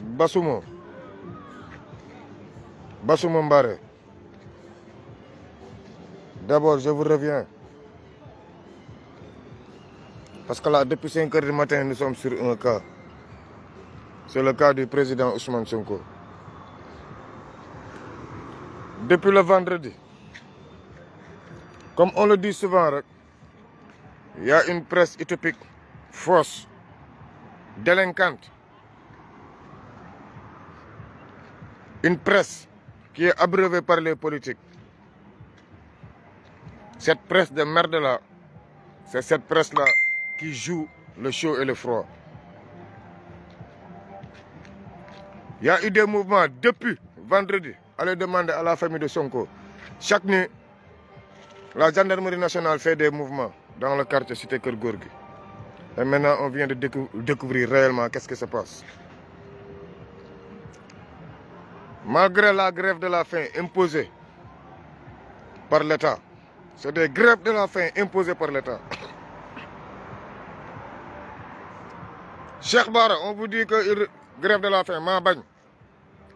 Basumo Basumo Mbare d'abord je vous reviens parce que là depuis 5 heures du matin nous sommes sur un cas c'est le cas du président Ousmane Sonko depuis le vendredi comme on le dit souvent il y a une presse utopique fausse délinquante une presse qui est abreuvée par les politiques. Cette presse de merde-là, c'est cette presse-là qui joue le chaud et le froid. Il y a eu des mouvements depuis vendredi. Allez demander à la famille de Sonko. Chaque nuit, la gendarmerie nationale fait des mouvements dans le quartier Cité Kergourgui. Et maintenant, on vient de découvrir réellement qu'est-ce qui se passe. Malgré la grève de la faim imposée par l'État, c'est des grèves de la faim imposées par l'État. Cheikh Bara on vous dit que grève de la faim ma bagne.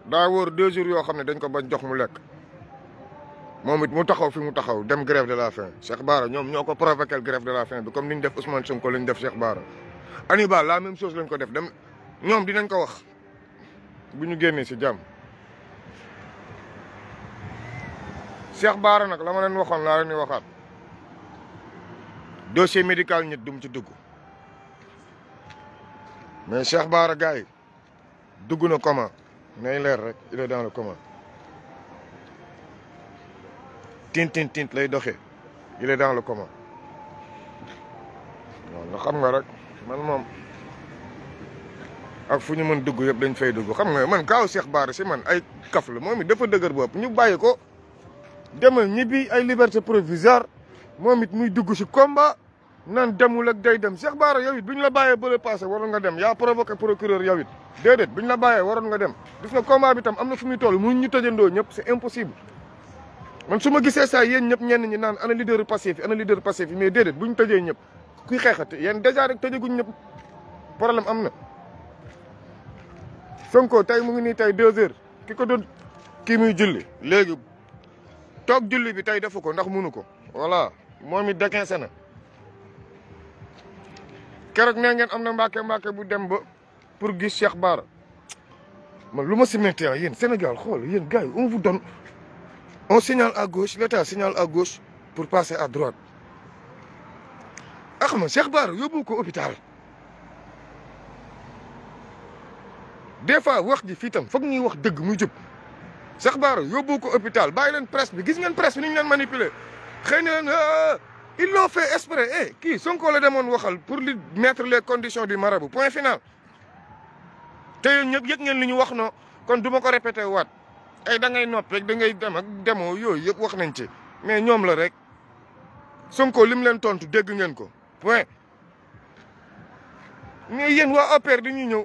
daa deux jours yo xamné dañ ko bañ jox mu lek. Momit it mu taxaw fi mu taxaw dem grève de la faim Cheikh Bara ñom ñoko provoquer la grève de la faim bi comme niñ def Ousmane Sonko li def Cheikh Bara. Anibal la même chose lañ ko def dem ñom dinañ ko wax Buñu ñu ci si Cheikh Bara nag la ma leen waxoon laa leen waxaat dossier médical ñett dum ci dugg mais Cheikh Bara gars yi dugg na coma nay leer rek il est dans le coma tint lay doxe il est dans le coma xam nga rek man moom ak fu ñu mën dugg yëpp dañ fay dugg xam nga man kaaw Cheikh Bara si man ay kaf la moom it dafa dëgër boobu ñu bàyyi ko. demal ñibbi ay liberté provisoire moom it muy dugg si combat nan demul ak day dem Cheikh Bara yow it bi ñu la bàyyee bële passé waroon nga dem yaa provoqué procureur yow it déedéet ñu la waroon nga dem gis nga combat bi tam am na fu muy toll mu ñu tëjandoo ñëpp c'est impossible su ma gisee saa yéen ñëpp ñenn ñi naan ana leader passif ana leader passif mais déedéet bu ñu tëjee ñëpp kuy xeexate yéen dèjà rek tëjaguñ ñëpp problème am na Sonko tey mu ngi nii tey deux heures ki ko doon kii muy julli léegi tok julli bi tay defuko ndax munu ko voilà momi it déquince na kérok nee ngeen amna na mbàkke bu dem ba pour guiss Cheikh bar man luma ma si metti ah, yéen Sénégal xol yeen gaay on vous donne on signale à gauche l'État signale à gauche pour passer à droite ah Cheikh bar yóbbu hôpital des fois wax ji fitam tam foog wax deug muy jub Cheikh Bara yóbbu ko hôpital bàyyi leen presse bi gis ngeen presse bi ni ñu leen manipuler xëy na leen ah, il l'ont fait exprès eh, kii Sonko la demoon waxal pour li mettre les conditions du marabout point final. te yéen ñëpp yëg ngeen li ñu wax no kon du ma ko répété wat ay eh, da ngay noppi rek da ngay dem ak demoo yooyu yëpp wax nañ ci mais ñoom la rek Sonko lim leen tontu dégg ngeen ko point mais yéen waa APR di ñu ñëw.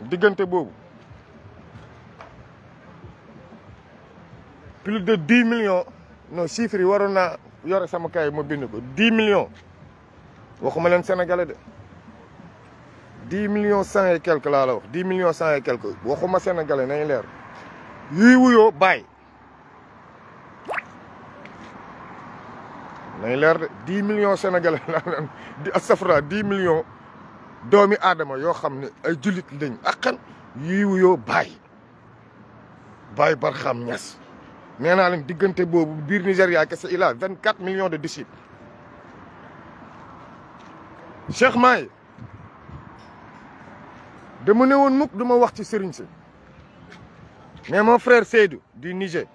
diggante boobu plus de dix millions non chiffres yi waroon naa yore sama kay ma bind ko dix millions waxuma leen sénégalais de dix millions cent et quelque laa la wax dix millions cent et quelque waxuma sénégalais nañ leer yuy wuyoo bàyyi nañ leer de dix millions sénégalais laa leen di astafra dix millions doomi adama yo xam ay jullit lañ ak yi wuyo wuyoo baay baay Barxam Ñas nee naa leen diggante boobu biir Nigéria il a 24 millions de disciples Cheikh may dama ne woon mukk du wax ci serigne si mais mon frère Seydou du Niger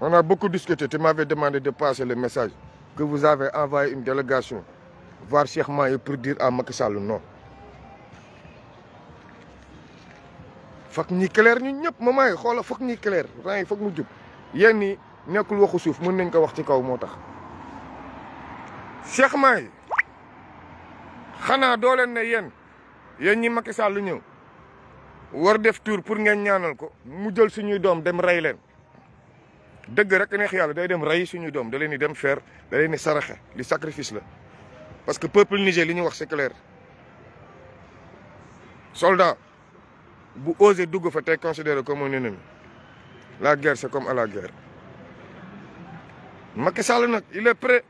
on a beaucoup discuté tu m'avais demandé de passer le message que vous avez envoyé une délégation voir Cheikh Mayo pour dire à Macky Sall non fak ñi clair ñun ñëpp maman fak ñi clair fak mu jub yenn yi nekkul waxu suuf mën nañ ko wax ci kaw moo tax Cheikh Mayo xanaa doo leen ne yéen yéen ñi Macky Sall ñëw war def tour pour ngeen ñaanal ko mu jël suñuy doom dem rey leen dëgg rek neex yàlla day dem ray suñuy da leen dem faire da leen di li sacrifice la parce que le peuple Niger ce c'est clair soldat bu osé dugg vous vous considérer comme un ennemi la guerre c'est comme à la guerre Macky Sall il est prêt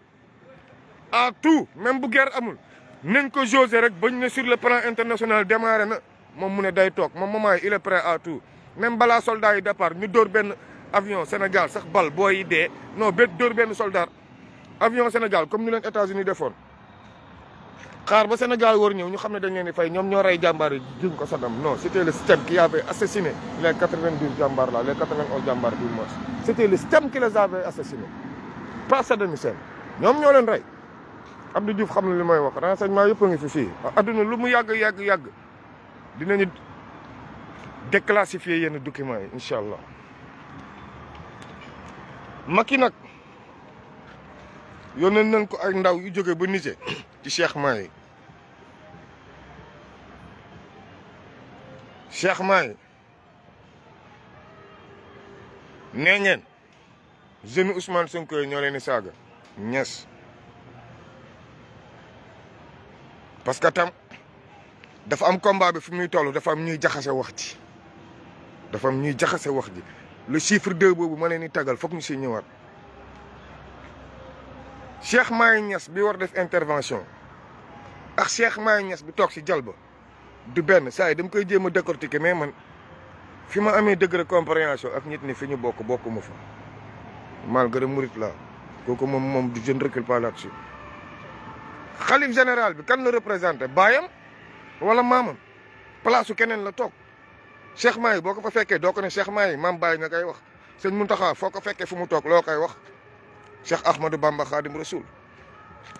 à tout même la guerre amul Même ko josé rek bañ sur le plan international démarrer, na moom mu day toog il est prêt à tout même si soldat yi départ ñu dóor avion Sénégal sax bal boy idée. non ben dóor soldat avion Sénégal comme nous, les États-Unis fonds, xaar ba Sénégal war ñëw ñu xam ne dañ leen di fay ñoom ñoo rey jàmbaar yi juñ ko Saddam non c' était le système qui avait assassiné les 92 jàmbaar là les 91 jàmbaar du moins c' était le système qui les avait assassinés pas Saddam Hussein ñoom ñoo leen rey Abdou Diouf xam na li yëpp ngi fi fii adduna lu mu yàgg yàgg yàgg dinañu déclassifier yenn documents yi incha allah Macky nag yónnee nañ ko ay ndaw yu jógee ba Niger. ci Cheikh Mahi Cheikh Mahi nee ngeen jeune Ousmane Sonko ñoo leen di saaga ñes parce que tam dafa am combat bi fu muy toll dafa am ñuy jaxase wax ji dafa am ñuy jaxase wax ji le chiffre deux boobu ma leen di tagal foog ñu si ñëwaat Cheikh Mahi Niass bi war def intervention ak Cheikh Mahi Niass bi tok ci jalba du ben say yi dama koy jema décortiquer mais man fima amé degré compréhension ak nit ni fiñu bok bokk ma fa malgré murit la kooku mom mom du jeun recul pas là-dessus xalif général bi kan la représenter bayam wala mamam placeu kenen la tok Cheikh Mahi boko fa fekkee do ko ne Cheikh Mahi mam Baye nga kay wax seigne Mountakha foko ko fumu tok wax Cheikh Ahmadou Bamba Khadim Rasoul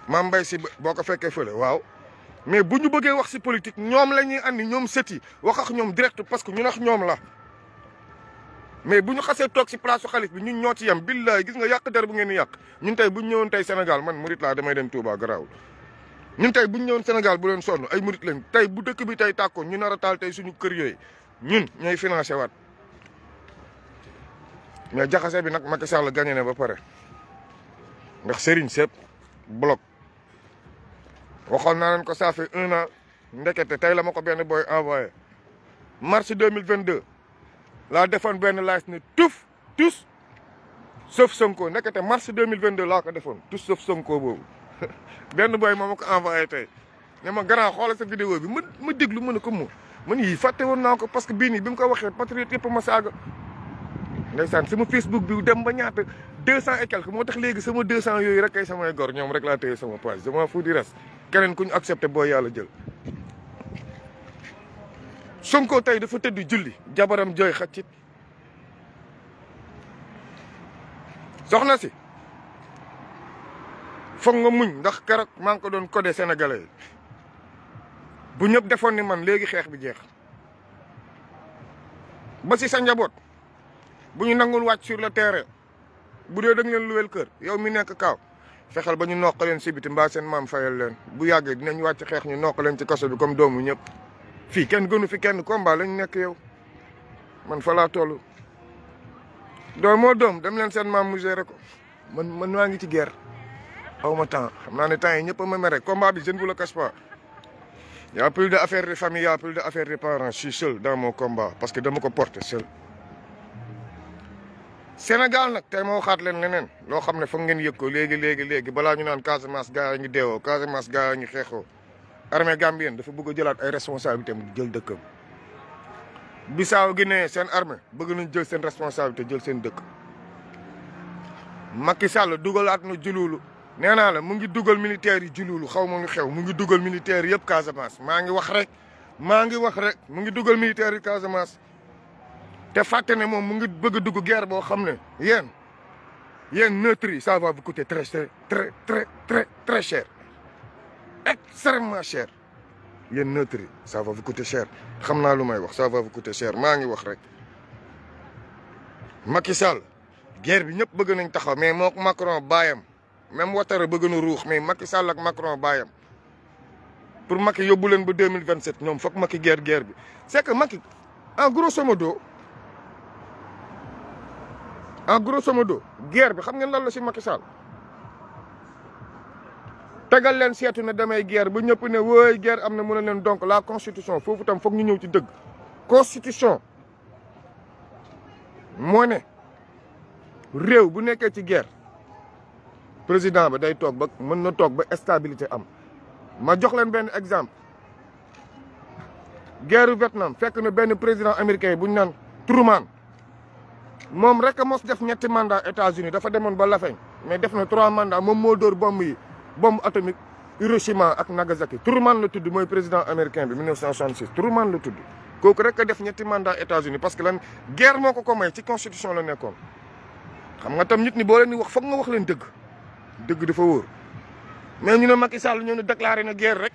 Mambay si Sy boo ko fekkee fële mais buñu bëggé wax ci politique ñom lañuy andi ñom séti wax ak ñom direct parce que ñu nak ñom la mais buñu ñu tok ci place Khalife bi ñun ñoo ci yam billahi gis nga der bu ngeen ñun tay buñu ñewon tay Sénégal man murit la damay dem Touba graw ñun tay buñu ñewon Sénégal bu leen sonu ay murit lañ tay bu dëkk bi tay takko ñu nar a taal tey suñu kër yoy ñun ñay financer wat mais jaxase bi nak Macky Sall gagné na ba paré ndax sëriñ sëpp bloc waxoon naa leen ko ça fait un an ndekete tey la ma ko benn booy envoyé mars deux mille vingt deux laa defoon benn laaj ne tuf tous sauf Sonko ndekete mars deux mille vingt deux laa ko defoon tous sauf Sonko boobu benn booy moo ma ko envoyé tey ne ma grand xoolal sa vidéo bi ma ma déglu ma ne ko mu man yii fàtte woon naa ko parce que bii nii bi mu ko waxee patriote yëpp ma saaga si ma Facebook bi dem ba ñaata deux cent et quelque moo tax léegi sama deux cent yooyu rek ay samay gor ñoom rek laa téye sama page je m'en fous du keneen ku ñu accepté boo yàlla jël. Sonko tey dafa tëdd julli jabaram jooy xaccit soxna si foog nga muñ ndax keroog maa ngi ko doon codé sénégalais yi bu ñëpp defoon ni man léegi xeex bi jeex ba si sa njaboot bu ñu nangul wàcc sur le terrain. bu dee da nga luwel kër yow mi nekk kaw fexal bañu sibiti mba si biti seen maam fayal leen bu yàggee dinañ wacc xex ñu noq ci kasso bi comme doomu ñëpp fi kenn gënu fi kenn combat lañ nekk yow man fa la tollu do mo dom dem leen seen mam musée rek man man waangi ci guerre awma ma temps xam naa ne temps yi ma mere combat bi je ne vous le cache pas y a plus d'affaires de famille y a plus d'affaires de parents je suis seul dans mon combat parce que dama ko porter seul Sénégal nag tey ma waxaat leen leneen loo xam ne foog ngeen yëg ko léegi léegi léegi balaa ñu naan Casamance gaa yi ñu deewoo Casamance gaa yi ñu xeexoo armée gambienne dafa bëgg a jëlaat ay responsabilités mu jël dëkkam. Bissau Guinée seen armée bëgg nañ jël seen responsabilité jël seen dëkk Macky Sall dugalaat na juluulu nee naa la mu ngi dugal militaire yi juluulu xaw ma ngi xew mu ngi dugal militaire yëpp Casamance maa ngi wax rek maa ngi wax rek mu ngi dugal militaire yi Casamance. te fàtte ne moom mu ngi bëgg a dugg guerre bo xam ne yéen neutri, ça va vous coûter très très très très très cher extrêmement cher yéen neutri, ça va vous coûter cher xam naa lu may wax ça va vous coûter cher maa ngi wax rek Macky Sall guerre bi ñëpp bëgg nañ taxaw mais moo Macron bayam même Ouattara bëgg na ruux mais Macky Sall ak Macron bayam pour Macky yóbbu leen ba 2027, mille vingt Macky guerre guerre bi c'est que Macky en grosso modo en grosso modo guerre la si Macky Sall leen damay guerre bu ñëpp guerre amna la constitution fofu tam fokk ñu ñëw ci dëgg constitution La guerre président ba day tok ba mëna tok ba stabilité am ma jox exemple guerre Vietnam fekk président américain bu Truman moom rek a mos def ñetti mandat États-Unis dafa demoon ba Lafeñ mais def na trois mandats moom moo door bomb yi bombe atomique Hiroshima ak Nagasaki Truman la tudd mooy président américain bi 1966 Truman la tudd kooku rek a def ñetti mandat États-Unis parce que lan guerre moo ko ko may ci constitution la nekkoon xam nga tam nit ñi boo leen di wax foog nga wax leen dëgg dëgg dafa wóor mais ñu ne Macky Sall ñoo ne déclaré na guerre rek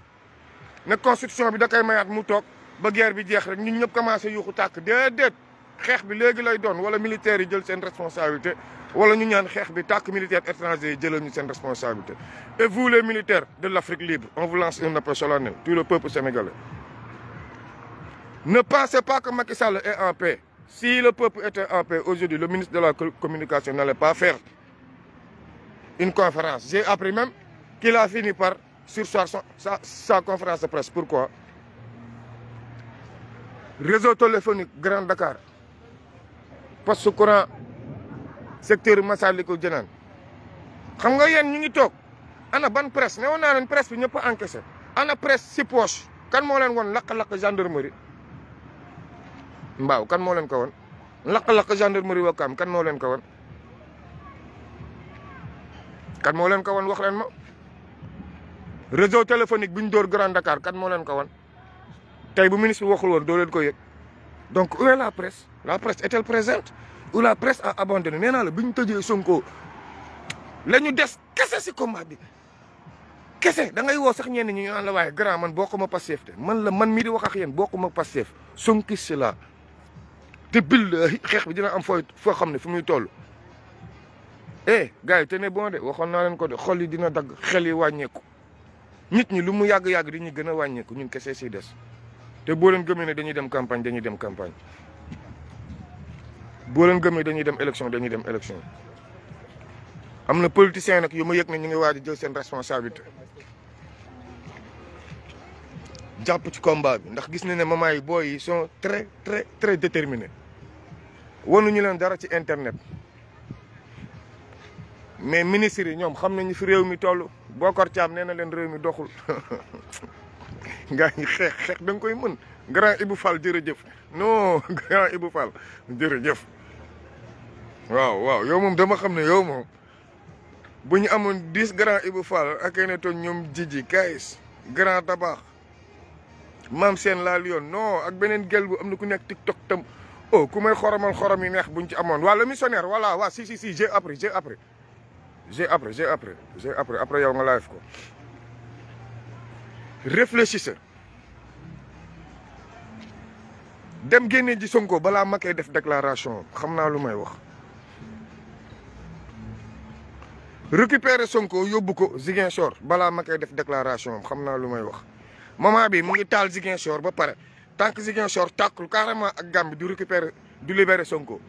ne constitution bi da koy mayaat mu toog ba guerre bi jeex rek ñun ñëpp commencé yuuxu tàkk déedéet militaires yi jël responsabilité wala ñu ñaan bi et vous les militaires de l'Afrique libre on vous lance un appel solennel tout le peuple sénégalais ne pensez pas que Macky Sall est en paix si le peuple était en paix aujourd'hui le ministre de la communication n'allait pas faire une conférence j'ai appris même qu'il a fini par sur sa conférence de presse pourquoi réseau téléphonique Grand Dakar poste courant secteur massaliko Jinaan xam nga yeen ñu ngi tok ana ban presse ne woon naa presse bi ñepp encaisser ana presse ci poche kan mo len won lak lak gendarmerie mbaaw kan mo len ko won lak lak gendarmerie wakaam kan mo len ko won kan mo len ko won wax len ma réseau téléphonique bi door Grand Dakar kan mo len ko won tay bu ministre waxul won do len ko yek donc où est la presse la presse est-elle présente ou la presse a abandonné nee naa la bi ñu tëjee Sonko la ñu des kese si combat bi kese da ngay woo sax ñenn ñi ñu naan la waaye grand man bokkuma Pastef te man la man mii di wax ak yéen bokkuma Pastef Sonkis si laa te billahi xeex bi dina am fooy foo xam ne fu muy toll. eh gars yi te bon de waxoon naa leen ko de xol yi dina dagg xel yi wàññeeku nit ñi lu mu yàgg-yàgg di ñu gën a wàññeeku ñun kese si des te boo leen gëmee ne dañuy dem campagne dañuy dem campagne. boo leen gëmee dañuy dem élection dañuy dem élection am na politiciens nag yu ma yëg ne ñu ngi waaj a jël seen responsabilité jàpp ci combat bi ndax gis na ne maman yi booy yi sont très très très déterminés wanuñu leen dara ci internet mais ministres yi ñoom xam nañu fi réew mi toll Bokar Thiam nee na leen réew mi doxul ngaa ñi xeex xeex da koy mën grand Ibou Fall jërëjëf noo grand Ibou Fall jërëjëf Wow, wow, yow moom dama xam ne yow moom bu ñu amoon dix grand Ibou Fall ak ay neto ñoom Jiji kays grand tabax maam seen laal yoon non ak beneen gel bu am na ku nekk TikTok tam oh ku may xoromal xorom yi neex buñ ci amoon waa le missionnaire voilà waa si si si j'ai appris j'ai appris j'ai appris j'ai appris j'ai appris après yow nga live ko réfléchissez dem génne ji Sonko balaa ma def déclaration xam naa lu may wax récupérer Sonko yóbbu ko Ziguinchor balaa ma koy def déclaration am xam naa lu may wax moment bi mu ngi taal Ziguinchor ba pare tant que Ziguinchor tàkkul carrément ak gàmb du récupérer du libérer Sonko.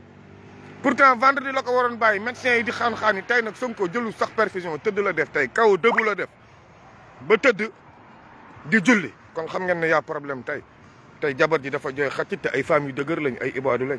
pourtant vendredi la ko waroon bàyyi médecin yi di xaan-xaan yi tey nag Sonko jëlul sax perfusion tëdd la def tey kaw dëggu la def ba tëdd di julli kon xam ngeen ne yaa problème tey tey jabar ji dafa jooy xaccit te ay femmes yu dëgër lañ ay ibaadu lañ.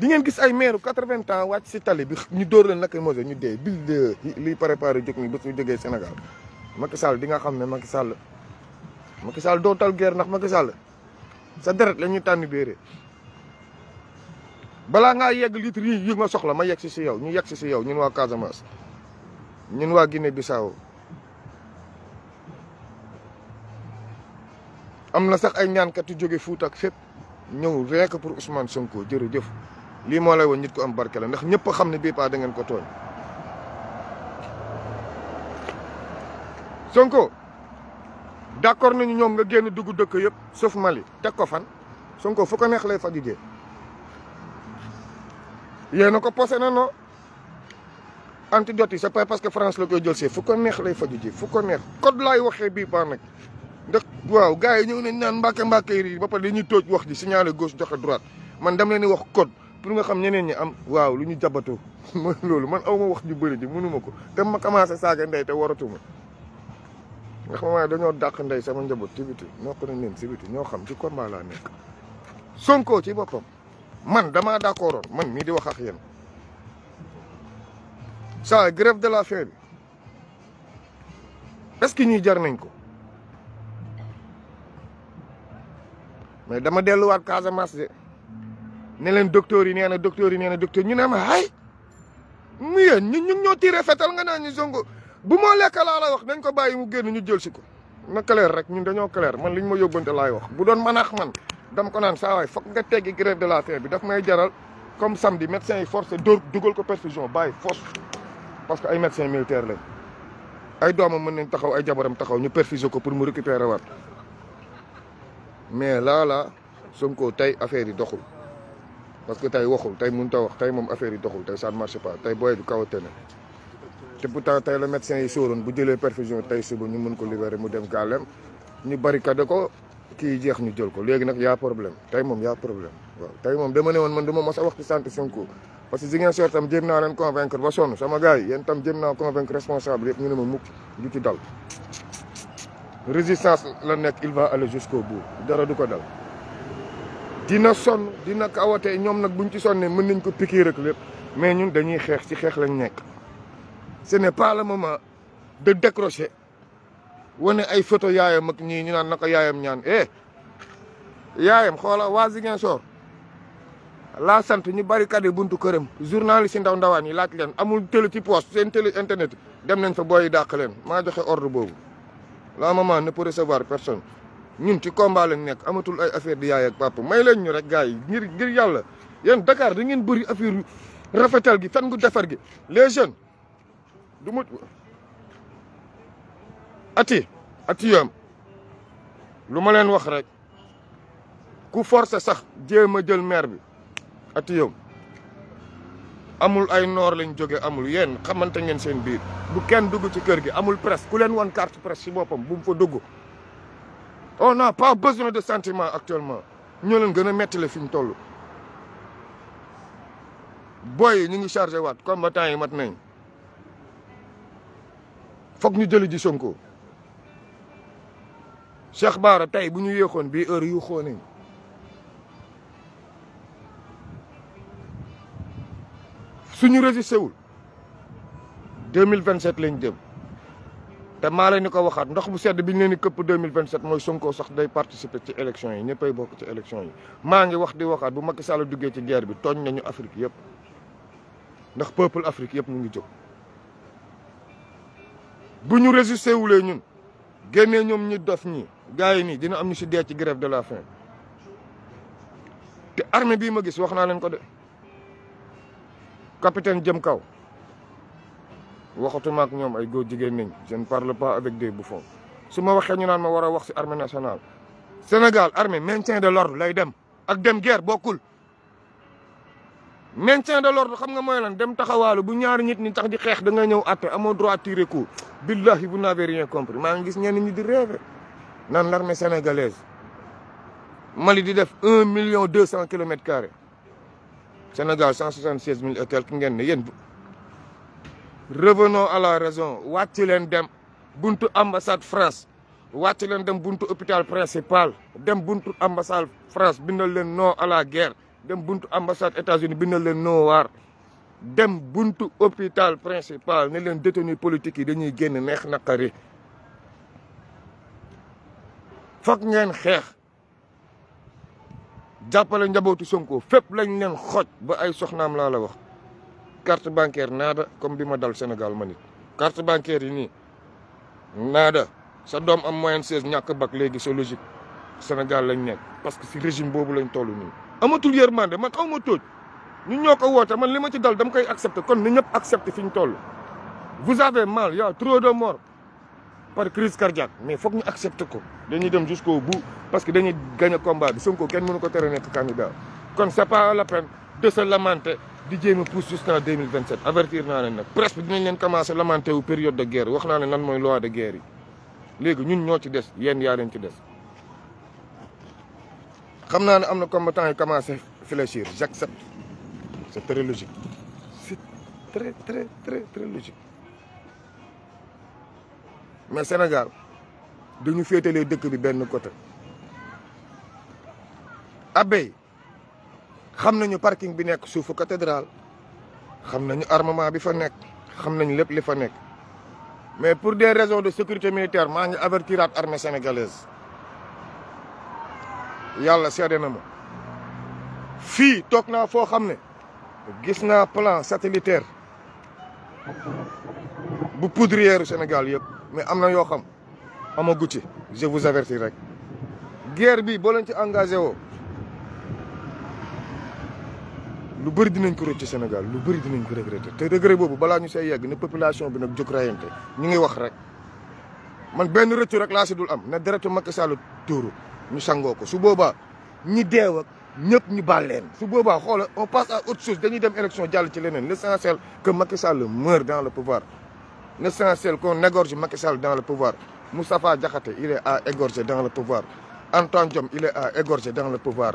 di ngeen gis ay meeru 80 ans wacc si tali bi ñu door leen mo ñu dé bil de li préparé jóg ni bu ñu jógee Sénégal Macky Sall di nga xamné Macky Sall Macky Sall do tal guerre nak Macky Sall sa deret la ñuy béré bala nga yegg litre yi yi ma soxla ma yegg ci ci yow ñu yegg ci ci yow ñun wa Casamance ñun wa Guinée Bissau amna sax ay kat yu joggé Fuuta ak fep ñëw rek pour Ousmane Sonko jërëjëf li mo lay won nit ko am barke la ndax ñepp a xam ne bii paa da ngeen ko toy Sonko d'accord nañu ñom nga genn duggu dekk yeb sauf Mali tek ko fan Sonko fu ko neex lay fadige jugee ko posé na no antidote c'est pas parce que France la koy jël c'est fu ko neex lay fadige fu ko neex code lay waxe bi pa nak ndax waaw gaay yi ne naan mbake yi ba pare dañuy toj wax ji signaler gauche droite man dam leen wax code pour nga xam ñeneen ñi am waaw lu ñu jabatoo mooy loolu man aw ma wax ju bëri ji mënuma ko te ma commencé saaga ndey te waratuma nga xam waaye dañoo dàq ndey sama njaboot ci biti nokk nañ leen si biti ñoo xam ci combat laa nekk Sonko ci boppam man damaa d'accordoon man mii di wax ak yéen ça de la faim bi est-ce que ñuy jar nañ ko mais dama delluwaat Casamance ne leen docteur yi nee na docteur yi nee na docteur ñu ne ma ay mu yéen ñu ñu ñoo tiiree fetal nga naan ñu Sonko bu moo lekk laa la wax nañ ko bàyyi mu génn ñu jël si ko na clair rek ñun dañoo clair man liñ ma yóbbante laay wax bu doon manax man dama ko naan saa waay foog nga teggi grève de la faim bi daf may jaral comme samedi médecin yi forcé dóor dugal ko perfusion bàyyi force parce que ay médecin militaire lañ ay doomam mën nañ taxaw ay jabaram taxaw ñu perfuser ko pour mu récupérer waat mais là là Sonko tey affaire yi doxul parce que tey waxul tey mënut a wax tey moom affaire yi doxul tey ça ne marche pas tey booy bi kawate na te pourtant tey la médecin yi sóoroon bu jëlee perfusion tey suba ñu mën ko libérer mu dem gàllem ñu barricade ko kii jeex ñu jël ko léegi nag yaa problème tey moom yaa problème waaw tey moom dama ne woon man du ma mos a wax ci sant Sonko parce que Ziguinchor tam jéem naa leen convaincre ba sonn sama gars yi yéen tam jéem naa convaincre responsable yëpp ñu ne ma dal résistance la nekk il va aller jusqu'au bout ko dal dina sonn dina kawatee ñoom nag bu buñ ci sonnee mën nañ ko piquer ak lépp mais ñun dañuy xeex ci xeex lañ nekk ce n'est pas le moment de décrocher wane ay photo yaayam ak ñi ñu naan naka yaayam ñaan eh yaayam xoola waa Ziguinchor laa sant ñu barricade buntu këram journaliste yi ndaw ndawaan yi laaj leen amul télé ci poste seen télé internet dem nañ fa booy dàq leen maa joxe ordre boobu la maman ne pour recevoir personne ñun ci combat la nek amatul ay affaire di yaay ak papa may leen ñu rek gaay ngir ngir yalla yeen Dakar da ngeen bëri affaire rafetal gi gu defar gi les jeunes du ati ati yam luma leen wax rek ku forcé sax jéem a jël maire bi ati yam amul ay nor lañ joggé amul yen, xamanté ngeen seen biir bu kenn dugg ci kër gi amul presse ku leen wan carte presse ci bopam bu mu fa dugg On n'a pas besoin de sentiments actuellement. Nous allons mettre le film tout. Boy, nous nous chargeons de combattants maintenant. Faut que nous nous du sonko. Cheikh Barre, si nous nous yéchons, nous nous Si nous résistons, 2027, nous te maa leen ni ko waxaat ndox bu sedd bi ñu leen di këpp 2027 mooy Sonko sax day participer ci élection yi ñëppay bokk ci élection yi maa ngi wax di waxaat bu Macky Sall duggee ci guerre bi tooñ nañu Afrique yëpp ndax peuple Afrique yëpp mu ngi jóg bu ñu résister wulee ñun génnee ñoom ñi dof ñi gars yi nii dina am ñu si dee ci grève de la faim te armée bii ma gis wax naa leen ko de capitaine jëm kaw waxatuma ak ñoom ay góor jigéen nañ je ne parle pas avec des bouffons su ma waxee ñu naan ma war a wax si armée nationale. Sénégal armée maintien de l'ordre lay dem ak dem guerre bokkul maintien de l'ordre xam nga mooy lan dem taxawaalu bu ñaari nit ñi tax di xeex da nga ñëw àtte amoo droit tirer coup billahi vous n'avez rien compris maa ngi gis ñenn ñi di rêve naan l'armée sénégalaise Mali di def un million deux cent kilomètres carrés Sénégal cent soixante seize mille et quelque ngeen ne yéen revenons à la raison wàcc leen dem buntu ambassade France wàcc leen dem buntu hôpital principal dem buntu ambassade France bindal len non à la guerre dem buntu ambassade États-Unis bindal len non war. dem buntu hôpital principal ne len détenu politique yi dañuy guen neex nakari. foog ngeen xex. jàppale njabootu Sonko fep lañ len xoj ba ay soxnam la la wax carte bancaire nada comme bima dal Sénégal ma nit carte bancaire yi nada sa dom am moyen 16 ñak bak légui c'est logique Sénégal lañ nek parce que si régime bobu lañ tollu ni amatul yermande man xawma toj ñu ñoko wota man lima ci dal dam koy accepter kon ni accepter fiñ tollu vous avez mal ya trop de mort par crise cardiaque mais faut ñu accepter ko dañuy dem jusqu'au bout parce que dañuy gagner combat bi Sonko kenn mënu ko téré nek candidat kon c'est pas la peine de se lamenter di me pousse jusqu'à 2027 avertir naa leen Presque, presse bi dinañ à lamenter lamenté période de guerre wax naa leen lan mooy loi de guerre yi léegi ñun ñoo ci des yéen yaa leen ci des. xam naa ne am combattants combattant yi à fléchir j'accepte c'est très logique c'est très très très très logique mais Sénégal deux féetalee dëkk bi benn côté. Abbey xam le parking bi sous la cathédrale savons nañu armement bi fa Nous savons tout ce li fa mais pour des raisons de sécurité militaire maa ngi avertiraat armée sénégalaise yàlla seede na ma fii toog naa foo xam ne gis plan satellitaire bu poudrière Sénégal Mais mais y na yoo xam ama je vous avertis rek guerre bi engagée. lu bëri dinañ ko rëcc Sénégal lu bëri dinañ ko regretter te regret boobu balaa ñu say yegg ne population bi nag jóg rayante ñu ngi wax rek man benn rëccu rek laa si dul am na deretu Macky Sall tuuru ñu sangoo ko su boobaa ñi deew ak ñëpp ñu baal leen su boobaa xoola on passe à autre chose dañuy dem élection jàll ci leneen l'essentiel que Macky Sall meure dans le pouvoir l'essentiel qu'on égorge Macky Sall dans le pouvoir Moustapha Diakhaté il est à égorger dans le pouvoir Antoine Diome il est à égorger dans le pouvoir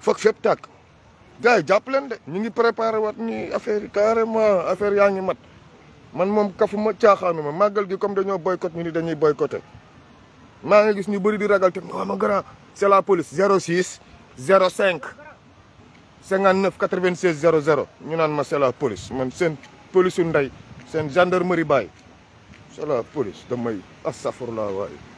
foog fep tak gay yi jàpp de ñu ngi préparer wat ni affaire carrément affaire yaangi mat man moom kafuma caaxaanuma magal gi comme dañoo boycott ñu ni dañuy boycotter eh. ma nga gis ñu bari di ragal te waaw ma grand c'est la police 06 05 59 96 00 ñu nan ma c'est la police man sen police u ndey seen gendarmerie bay c'est la police damay astaghfirullah waaye